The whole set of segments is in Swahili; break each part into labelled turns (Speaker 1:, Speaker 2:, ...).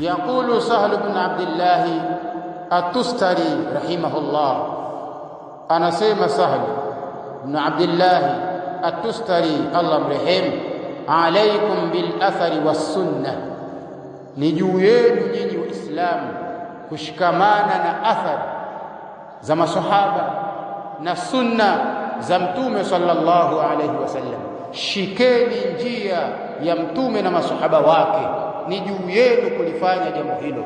Speaker 1: يقول سهل بن عبد الله التستري رحمه الله أنا سيما سهل بن عبد الله التستري الله رحم عليكم بالأثر والسنة نجوين نجي وإسلام كشكمانا أثر زم صحابة نسنة زمتوم صلى الله عليه وسلم شكين جيا يمتوم نما صحابة واكي ni juu yenu kulifanya jambo hilo.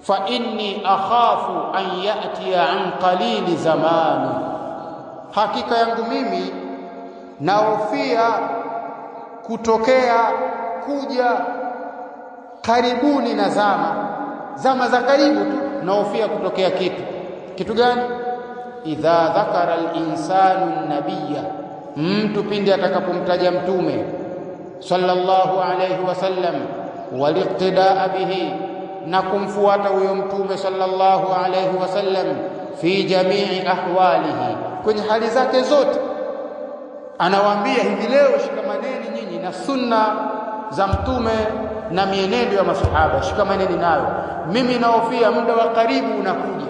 Speaker 1: fa inni akhafu an yatiya an qalili zamani, hakika yangu mimi nahofia kutokea kuja karibuni na zama zama za karibu tu, nahofia kutokea kitu kitu gani? idha dhakara linsanu insanu mtu pindi atakapomtaja mtume sallallahu alayhi wasallam waliqtidaa bihi, na kumfuata huyo mtume sallallahu alayhi wasallam fi jamii ahwalihi, kwenye hali zake zote. Anawaambia hivi leo, shikamaneni nyinyi na sunna za mtume na mienendo ya masahaba, shikamaneni nayo. Mimi naofia muda wa karibu unakuja,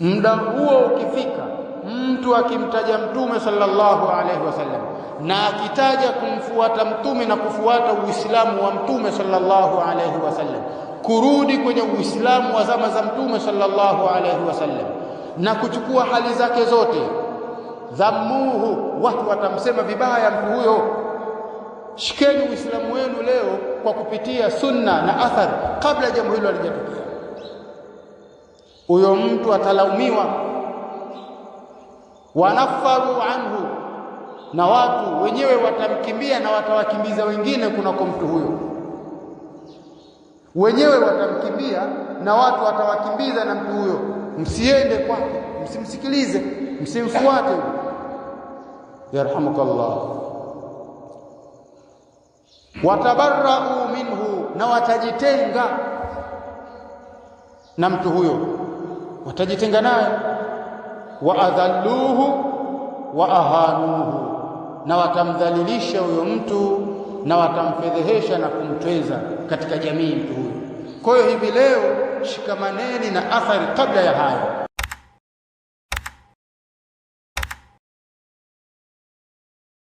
Speaker 1: muda huo ukifika mtu akimtaja mtume sallallahu alaihi wasallam na akitaja kumfuata mtume na kufuata uislamu wa mtume sallallahu alaihi wasallam kurudi kwenye uislamu wa zama za mtume sallallahu alaihi wasallam na kuchukua hali zake zote dhammuhu watu watamsema vibaya mtu huyo shikeni uislamu wenu leo kwa kupitia sunna na athari kabla jambo hilo halijatokea huyo mtu atalaumiwa wanafaru anhu, na watu wenyewe watamkimbia na watawakimbiza wengine kunako mtu huyo. Wenyewe watamkimbia na watu watawakimbiza na mtu huyo, msiende kwake, msimsikilize, msimfuate. Yarhamukallah. watabarau minhu, na watajitenga na mtu huyo, watajitenga naye wa adhalluhu wa ahanuhu, na watamdhalilisha huyo mtu na watamfedhehesha na kumtweza katika jamii mtu huyo. Kwa hiyo hivi leo shikamaneni na athari kabla ya hayo.